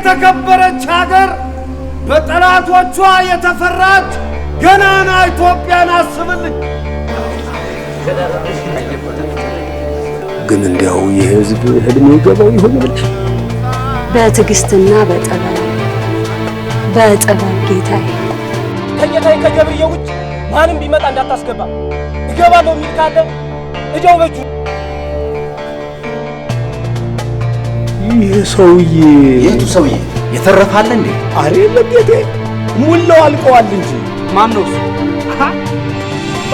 የተከበረች ሀገር በጠላቶቿ የተፈራች ገናና ኢትዮጵያን አስብልኝ። ግን እንዲያው የህዝብ ህልም ይገባው ይሆናል። ብለሽ በትዕግስትና በጠበብ በጠበብ ጌታዬ ከጌታዬ ከገብርዬ ውጭ ማንም ቢመጣ እንዳታስገባ እገባለሁ የሚል ካለ እጃው በጁ ይህ ሰውዬ የቱ ሰውዬ? የተረፋለ እንዴ? አሬ ለጌቴ ሙላው አልቀዋል እንጂ ማን ነው እሱ?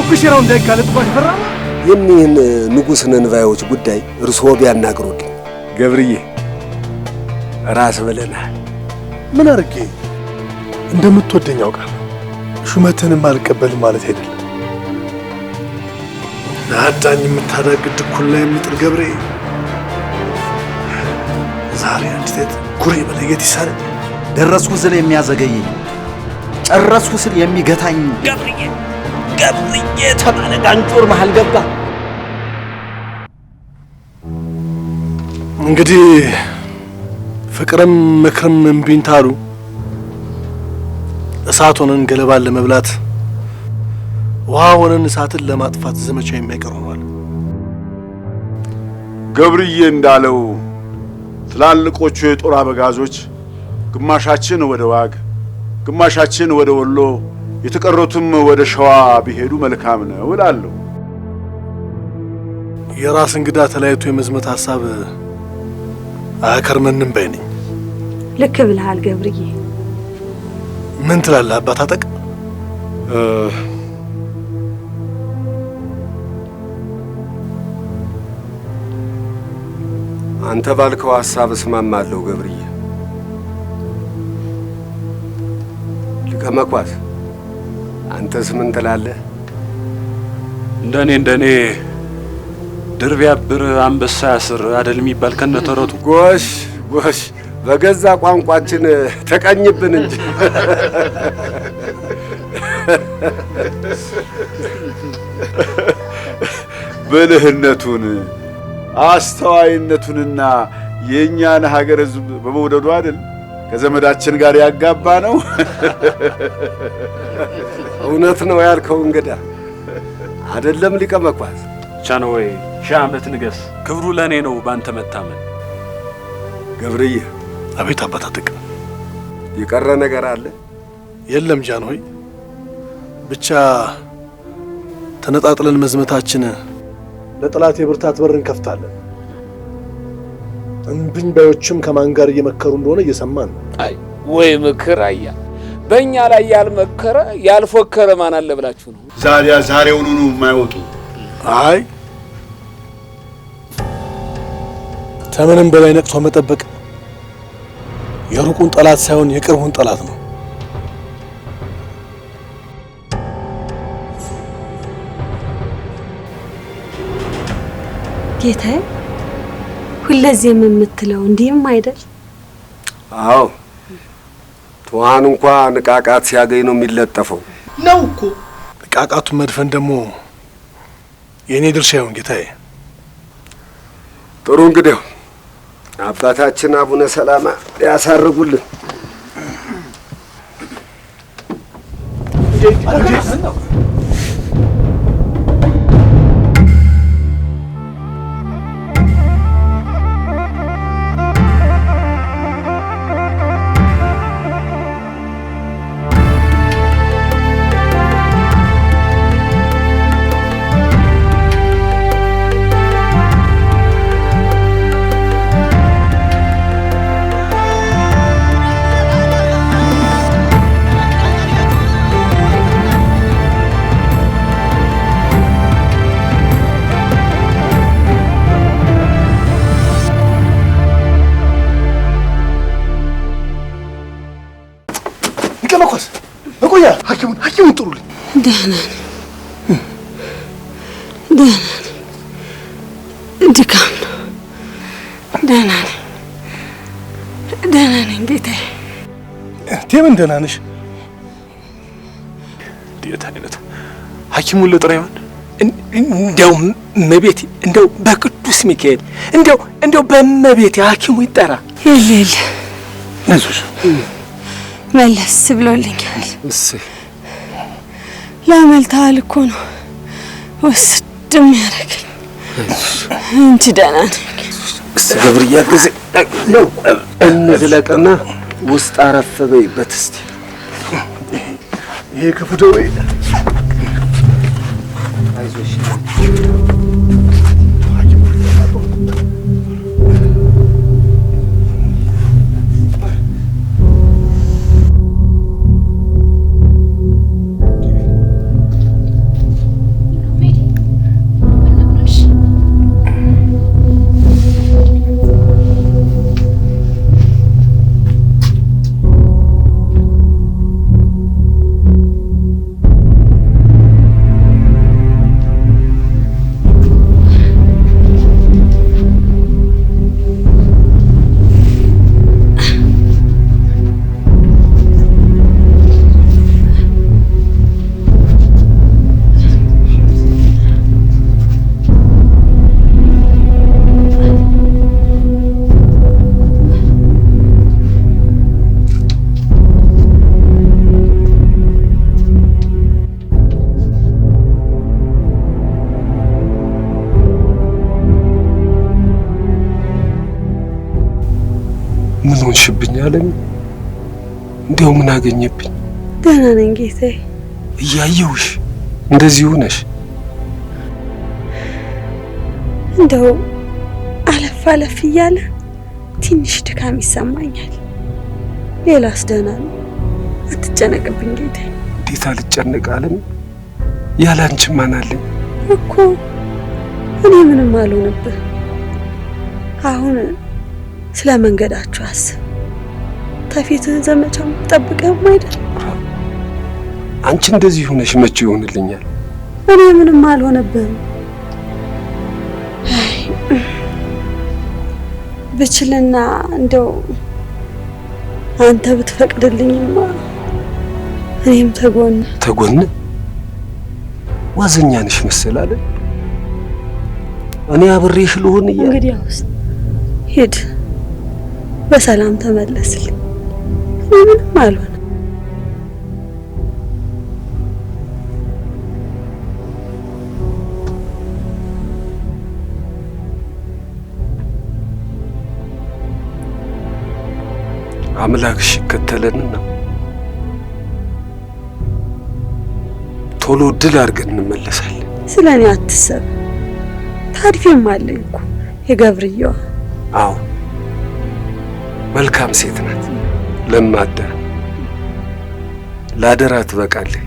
እኩሽራው እንዳይጋለጥባሽ ፈራ። የኒህን ንጉሥ ነንባዮች ጉዳይ እርስዎ ቢያናግሩልኝ። ገብርዬ ራስ ብለናል። ምን አድርጌ እንደምትወደኝ አውቃለሁ። ሹመትንም አልቀበልም ማለት አይደለም። ለአዳኝ የምታዳግድ እኩል ላይ የምጥር ገብሬ ዛሬ አንድ ኩሬ መለየት ይሳል። ደረስኩ ስል የሚያዘገየኝ፣ ጨረስኩ ስል የሚገታኝ ገብርዬ ገብርዬ ተባለ። ዳንጮር መሃል ገባ። እንግዲህ ፍቅርም ምክርም እምቢንታ እሳት ሆነን ገለባን ለመብላት ውሃ ሆነን እሳትን ለማጥፋት ዘመቻ የሚያቀርበዋል ገብርዬ እንዳለው ትላልቆቹ የጦር አበጋዞች ግማሻችን ወደ ዋግ፣ ግማሻችን ወደ ወሎ፣ የተቀሩትም ወደ ሸዋ ቢሄዱ መልካም ነው እላለሁ። የራስ እንግዳ ተለያይቶ የመዝመት ሀሳብ አያከርመንም ባይ ነኝ። ልክ ብልሃል ገብርዬ። ምን ትላለህ አባታጠቅ? አንተ ባልከው ሐሳብ እስማማለሁ ገብርዬ። ሊቀመኳስ አንተስ ምን ትላለህ? እንደኔ እንደኔ ድር ቢያብር አንበሳ ያስር አደል የሚባል ከነተረቱ ጎሽ ጎሽ፣ በገዛ ቋንቋችን ተቀኝብን እንጂ ብልህነቱን አስተዋይነቱንና የእኛን ሀገር ህዝብ በመውደዱ አይደል ከዘመዳችን ጋር ያጋባ ነው። እውነት ነው ያልከው እንግዳ አይደለም ሊቀ ቻነ ወይ ሺህ ዓመት ንገስ። ክብሩ ለእኔ ነው ባንተ መታመን። ገብርዬ አቤት አባታትቅ የቀረ ነገር አለ? የለም ጃንሆይ፣ ብቻ ተነጣጥለን መዝመታችን ለጠላት የብርታት በር እንከፍታለን። እምቢኝ ባዮችም ከማን ጋር እየመከሩ እንደሆነ እየሰማን ነው። አይ ወይ ምክር አያ በእኛ ላይ ያልመከረ ያልፎከረ ማን አለ ብላችሁ ነው? ዛሬ ዛሬውኑ ነው የማይወጡ። አይ ከምንም በላይ ነቅቶ መጠበቅ የሩቁን ጠላት ሳይሆን የቅርቡን ጠላት ነው። ጌታዬ ሁለዚህም የምትለው እንዲህም አይደል? አዎ ትኋን እንኳ ንቃቃት ሲያገኝ ነው የሚለጠፈው። ነው እኮ ንቃቃቱን መድፈን ደግሞ የእኔ ድርሻ ይሆን ጌታዬ። ጥሩ እንግዲህ አባታችን አቡነ ሰላማ ያሳርጉልን። ደህና ነኝ፣ ደህና ነኝ። ድካም ነው። ደህና ነኝ፣ ደህና ነኝ ጌታዬ። ቴምን ደህና ነሽ? እንዴት አይነት ሐኪሙን ልጥራ ይሆን? እንደው እመቤቴ፣ እንደው በቅዱስ ሚካኤል፣ እንደው እንደው በእመቤቴ ሐኪሙ ይጠራ። የለ የለ፣ መለስ ብሎልኛል። ያመልጣል እኮ ነው ወስድ የሚያደርገኝ እንጂ ደህና ነኝ። ገብርያ ጊዜ እንዝለቅና ውስጥ አረፍ በይበት እስኪ። ይሄ ክፉ ደዌ ይኸው ምን አገኘብኝ? ደህና ነኝ ጌታዬ። እያየውሽ እንደዚህ ሆነሽ እንደው አለፍ አለፍ እያለ ትንሽ ድካም ይሰማኛል። ሌላስ ደህና ነው። አትጨነቅብኝ ጌታዬ። እንዴት አልጨነቅ አለም። ያለ አንቺ ማን አለኝ እኮ እኔ ምንም አልሆንብህ። አሁን ስለ መንገዳችሁ አስብ። ከፊትህ ዘመቻው ጠብቀህም አይደል? አንቺ እንደዚህ ሆነሽ መቼ ይሆንልኛል? እኔ ምንም አልሆነብህም። ብችልና እንደው አንተ ብትፈቅድልኝማ እኔም ተጎን ተጎን ዋዘኛ ነሽ መሰል አይደል? እኔ አብሬሽ ልሆን እያ እንግዲህ ሂድ፣ በሰላም ተመለስልኝ። ምንም አልሆነ። አምላክሽ ይከተለን ቶሎ ድል አድርገን እንመለሳለን። ስለ እኔ አትሰብ። ታሪፌም አለኝ እኮ የገብርየዋ። አዎ መልካም ሴት ናት። ለማዳ ላደራ ትበቃለህ።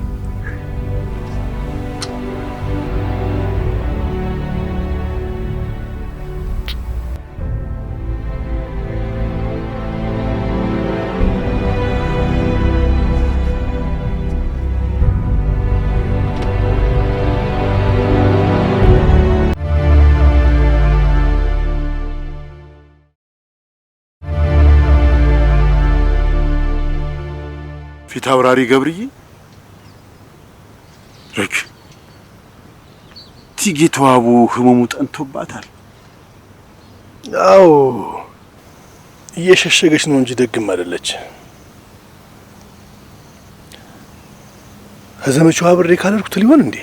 አብራሪ ገብርዬ ረክ ቲጌ ተዋቡ ህመሙ ጠንቶባታል። አዎ እየሸሸገች ነው እንጂ ደግም አይደለች። ከዘመቻዋ አብሬ ካላልኩት ሊሆን እንዴ?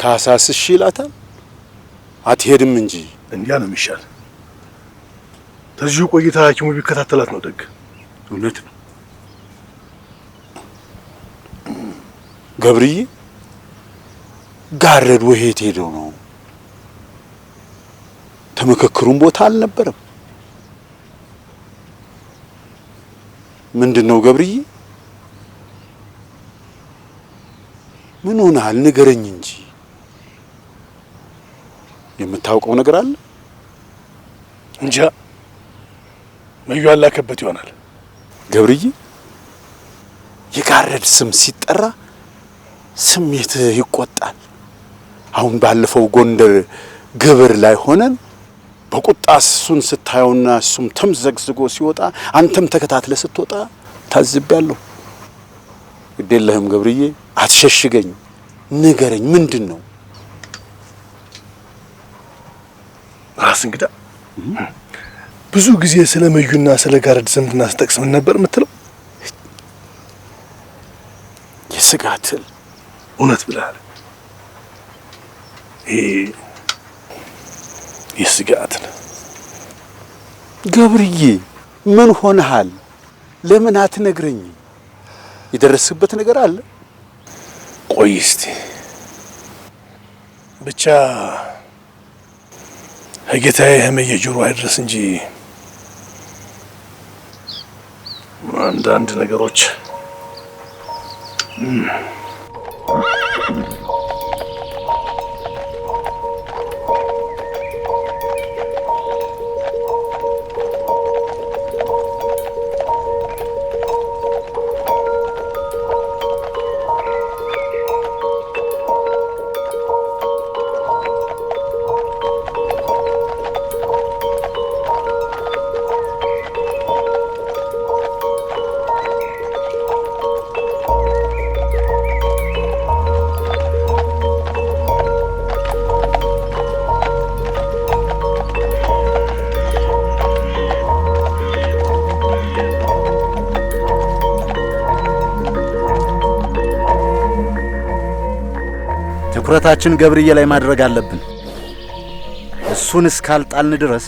ካሳስሽ ይላታል። አትሄድም እንጂ እንዲያ ነው የሚሻል። ተዚሁ ቆይታ ሐኪሙ ቢከታተላት ነው ደግ። እውነት ነው። ገብርዬ ጋረድ ወይ ሄደው ነው? ተመከክሩን ቦታ አልነበረም። ምንድን ነው ገብርዬ? ምን ሆነሃል? ንገረኝ እንጂ የምታውቀው ነገር አለ? እንጃ መዩ አላከበት ይሆናል። ገብርዬ የጋረድ ስም ሲጠራ ስሜት ይቆጣል። አሁን ባለፈው ጎንደር ግብር ላይ ሆነን በቁጣ እሱን ስታየውና እሱም ተምዘግዝጎ ሲወጣ አንተም ተከታትለ ስትወጣ ታዝቤያለሁ። ግዴለህም ገብርዬ፣ አትሸሽገኝ፣ ንገረኝ። ምንድን ነው ራስ እንግዳ ብዙ ጊዜ ስለ መዩና ስለ ጋረድ ዝምድና ስጠቅስ ምን ነበር የምትለው? የስጋትል እውነት ብለሃል። ይሄ የስጋት ነው። ገብርዬ ምን ሆነሃል? ለምን አትነግረኝም? የደረስበት ነገር አለ? ቆይ እስቲ ብቻ ከጌታዬ ህመዬ ጆሮ አይድረስ እንጂ አንዳንድ ነገሮች Ah! ትኩረታችን ገብርዬ ላይ ማድረግ አለብን። እሱን እስካልጣልን ድረስ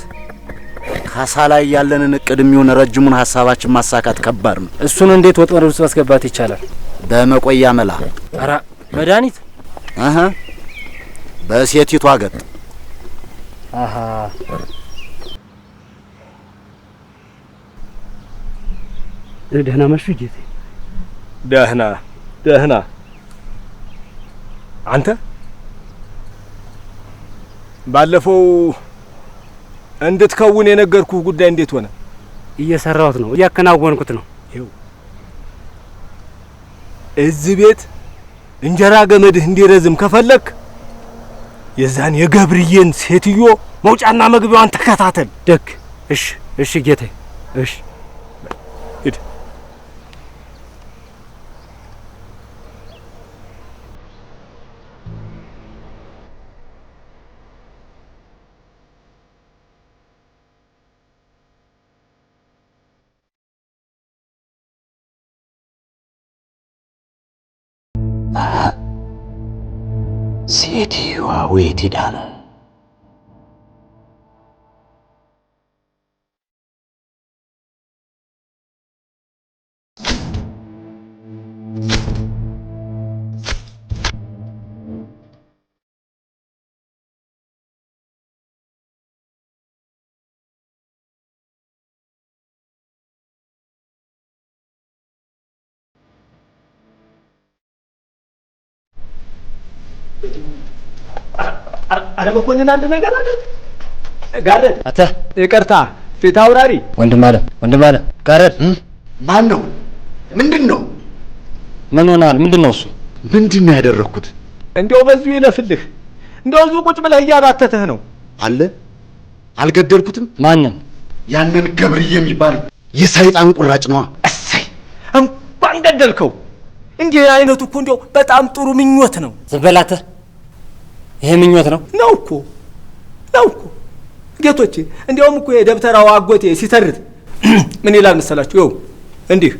ካሳ ላይ ያለንን እቅድ የሚሆን ረጅሙን ሀሳባችን ማሳካት ከባድ ነው። እሱን እንዴት ወጥመድ ውስጥ ማስገባት ይቻላል? በመቆያ መላ ኧረ መድኃኒት በሴቲቱ አገጥ ገጥ ደህና መሹ ጌቴ። ደህና ደህና አንተ ባለፈው እንድትከውን የነገርኩህ ጉዳይ እንዴት ሆነ? እየሰራሁት ነው፣ እያከናወንኩት ነው። ይኸው እዚህ ቤት እንጀራ ገመድህ እንዲረዝም ከፈለክ የዛን የገብርዬን ሴትዮ መውጫና መግቢያዋን ተከታተል። ደግ እሺ፣ እሺ ጌታዬ፣ እሺ። It you are ah, waited, on. Thank you. አረ መኮንን አንድ ነገር አለ ጋረድ አተ ይቅርታ ፊት አውራሪ ወንድም አለ ወንድም አለ ጋረት ማን ነው ምንድን ነው ምን ሆናል ምንድን ነው እሱ ምንድን ነው ያደረግኩት እንዲያው በዚሁ ይለፍልህ እንዲያው እዚሁ ቁጭ ብለህ እያባተተህ ነው አለ አልገደልኩትም ማንን ያንን ገብርዬ የሚባል የሰይጣን ቁራጭ ነዋ እሰይ እንኳን ገደልከው እንዲህ አይነቱ እኮ እንዲያው በጣም ጥሩ ምኞት ነው ዝም በላተ ይሄ ምኞት ነው ነው እኮ ነው እኮ ጌቶቼ። እንዲያውም እኮ የደብተራው አጎቴ ሲተርት ምን ይላል መሰላችሁ? ይኸው እንዲህ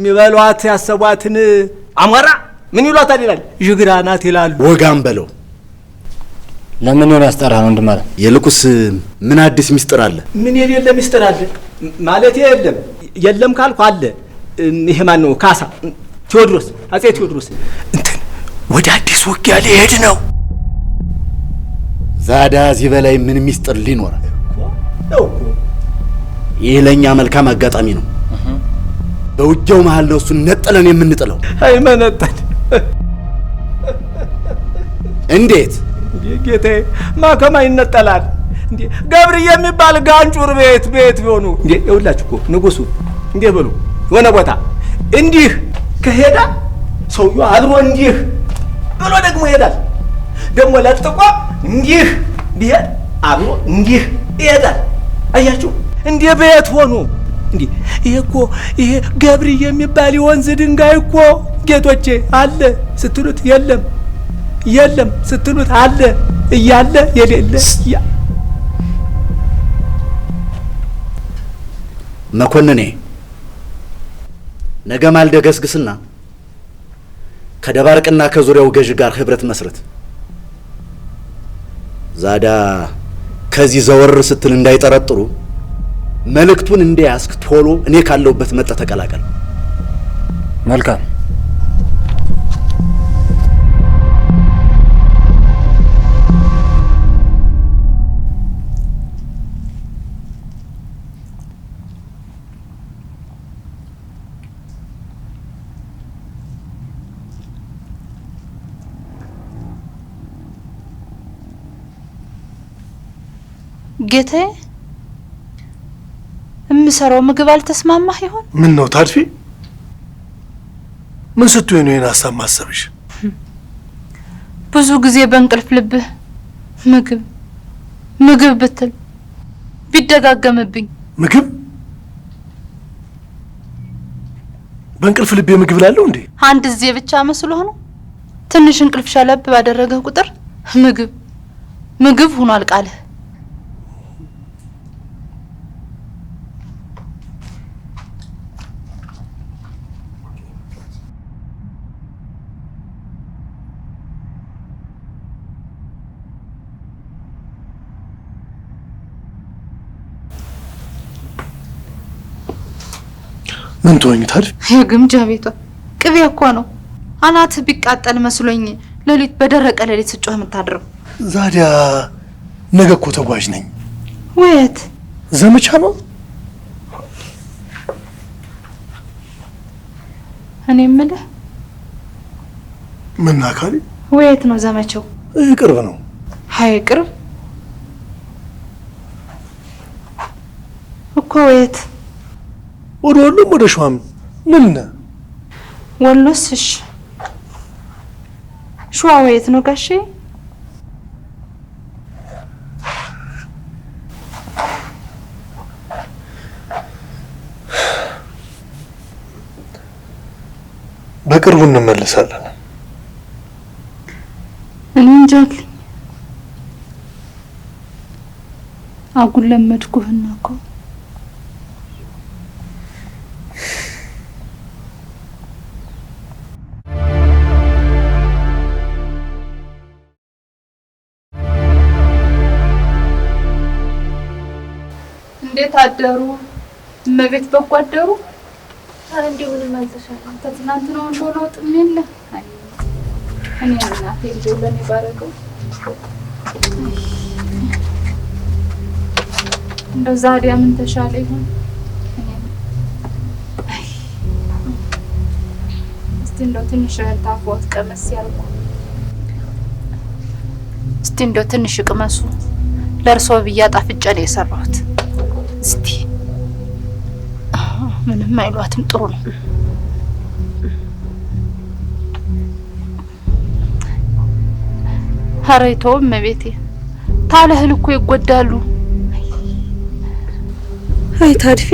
የሚበሏት ያሰቧትን አሟራ ምን ይሏታል ይላል፣ ዥግራ ናት ይላሉ። ወጋም በለው ለምን ነው ያስጠራ ነው እንደማለት። የልቁስ ምን አዲስ ሚስጥር አለ? ምን የሌለ ሚስጥር አለ ማለት የለም። የለም ካልኩ አለ። ይሄ ማን ነው? ካሳ ቴዎድሮስ፣ አጼ ቴዎድሮስ ወደ አዲስ ውጊያ ሊሄድ ነው። ዛዳ እዚህ በላይ ምን ሚስጥር ሊኖር? ይህ ለእኛ መልካም አጋጣሚ ነው። በውጊያው መሀል ነው እሱን ነጥለን የምንጥለው። መነጠል እንዴት ጌቴ ማከማ ይነጠላል? ገብር ገብርዬ የሚባል ጋንጩር ቤት ቤት ቢሆኑ እንዴ ይውላችሁ እኮ ንጉሱ እንዴ በሉ የሆነ ቦታ እንዲህ ከሄዳ ሰውዬው አድሮ እንዲህ ብሎ ደግሞ ይሄዳል። ደግሞ ለጥቆ እንዲህ ቢሄድ አብሮ እንዲህ ይሄዳል። አያችሁ እንዴ በየት ሆኑ እንዴ! ይሄ እኮ ይሄ ገብርዬ የሚባል የወንዝ ድንጋይ እኮ ጌቶቼ አለ ስትሉት የለም፣ የለም ስትሉት አለ እያለ የሌለ መኮንኔ ነገ ማልደገስግስና ከደባርቅና ከዙሪያው ገዥ ጋር ህብረት መስረት። ዛዳ ከዚህ ዘወር ስትል እንዳይጠረጥሩ መልእክቱን እንዲያስክ ቶሎ እኔ ካለሁበት መጠ ተቀላቀል። መልካም ጌታዬ፣ የምሰራው ምግብ አልተስማማህ ይሆን? ምን ነው ታድፊ፣ ምን ስትሆኝ ነው ይህን ሀሳብ ማሰብሽ? ብዙ ጊዜ በእንቅልፍ ልብህ ምግብ ምግብ ብትል ቢደጋገምብኝ፣ ምግብ በእንቅልፍ ልቤ ምግብ ላለው እንዴ? አንድ ጊዜ ብቻ መስሎ ነው። ትንሽ እንቅልፍ ሻለብ ባደረገህ ቁጥር ምግብ ምግብ ሆኗል ቃልህ። ምን ትሆኝ ታዲያ? የግምጃ ቤቷ ቅቤ እኮ ነው። አናት ቢቃጠል መስሎኝ ሌሊት በደረቀ ሌሊት ስጮህ የምታድረው። ዛዲያ ነገ እኮ ተጓዥ ነኝ። ወየት ዘመቻ ነው። እኔ የምልህ ምን አካል ወየት ነው ዘመቻው? ቅርብ ነው። ሀይ ቅርብ እኮ ወየት ወደ ወሎም ወደ ሸዋም ምን ወሎስ? እሺ ሸዋ የት ነው ጋሼ? በቅርቡ እንመለሳለን። እኔ እንጃ አልኩኝ። አጉል ለመድኩህና እኮ እንዴት አደሩ? እመቤት በጎ አደሩ? እንዲሁ ምንም አልተሻለም። ከትናንት ነው እንደሆነ ወጥም የለ እኔ እናቴ እንደው ለእኔ ባረገው እንደው ዛሬ ምን ተሻለ ይሁን? እስቲ እንደው ትንሽ ታፎት ቀመስ ያልኩ እስቲ እንደው ትንሽ ቅመሱ ለእርሶ ብዬ አጣፍጬ ነው የሰራሁት። ምንም አይሏትም። ጥሩ ነው። ኧረ ተውም እመቤቴ፣ ታለ እኮ ይጎዳሉ። አይ ታድፌ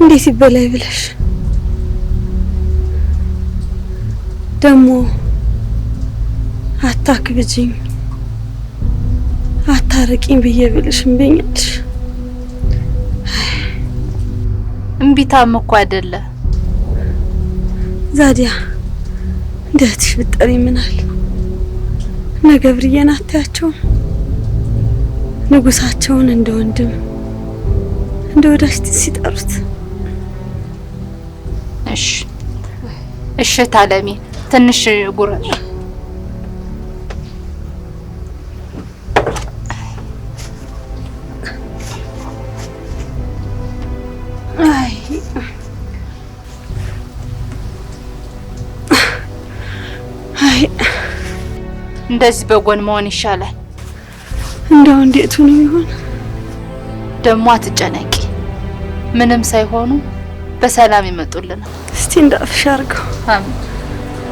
እንዴት ይበላይ ብለሽ ደግሞ አታክብጂኝ፣ አታርቂኝ ብዬ ብልሽ እምቢኛለሽ። እምቢታም እኮ አይደለ ዛዲያ። እንደ እህትሽ ብትጠሪ ምናል እነ ገብርዬን ንጉሳቸውን እንደ ወንድም እንደ ወዳጅ ሲጠሩት። እሺ እሺ፣ ታለሚ ትንሽ ጉረጭ እንደዚህ በጎን መሆን ይሻላል። እንደው እንዴት ነው ይሆን ደሞ አትጨነቂ፣ ምንም ሳይሆኑ በሰላም ይመጡልናል። እስቲ እንዳፍሽ አርገው አሜን።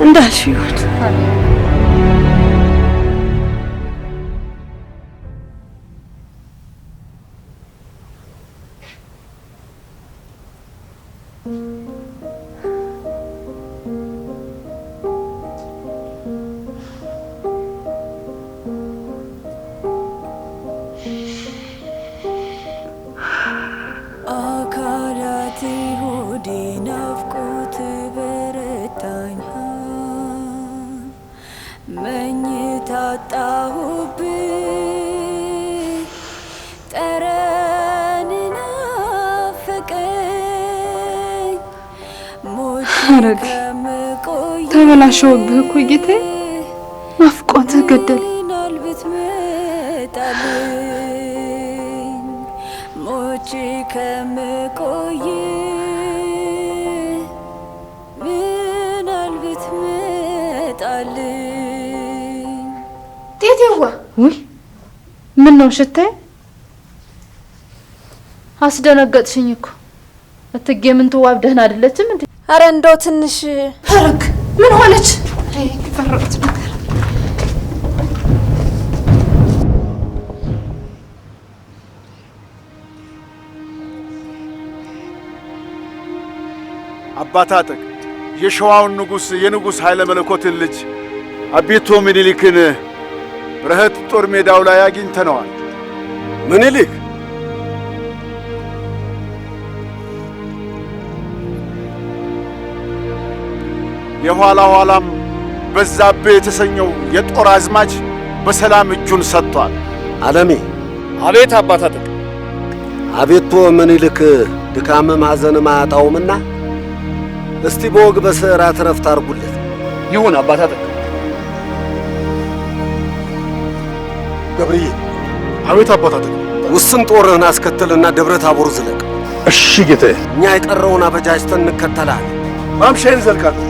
እንዳልሽ ይሆን። አሜን። ያሸውብህ እኮ ጌታዬ፣ ናፍቆትህ ገደለኝ። ሞቼ ከምቆይ ምናልባት መጣልኝ። ጤቴዋ ውይ፣ ምን ነው ሽታዬ? አስደነገጥሽኝ እኮ እትጌ። ምን ትዋብ ደህና አይደለችም እንዴ? አረ እንደው ትንሽ ምን ሆነች? ፈረቁት ነገር አባታጥቅ የሸዋውን ንጉሥ የንጉሥ ኃይለ መለኮትን ልጅ አቤቶ ምኒልክን ረኸት ጦር ሜዳው ላይ አግኝተነዋል። ምኒልክ የኋላ ኋላም በዛብህ የተሰኘው የጦር አዝማች በሰላም እጁን ሰጥቷል። አለሜ። አቤት አባት አጥቅ። አቤቱ ምኒልክ ድካም ማዘን ማጣውምና እስቲ በወግ በሥዕራት ረፍት አርጉለት። ይሁን አባት አጥቅ። ገብርዬ። አቤት አባት አጥቅ። ውስን ጦርህን አስከትልና ደብረ ታቦር ዝለቅ። እሺ ጌታዬ። እኛ የቀረውን አበጃጅተን እንከተላለን። ማምሻዬን ዘልቃለሁ።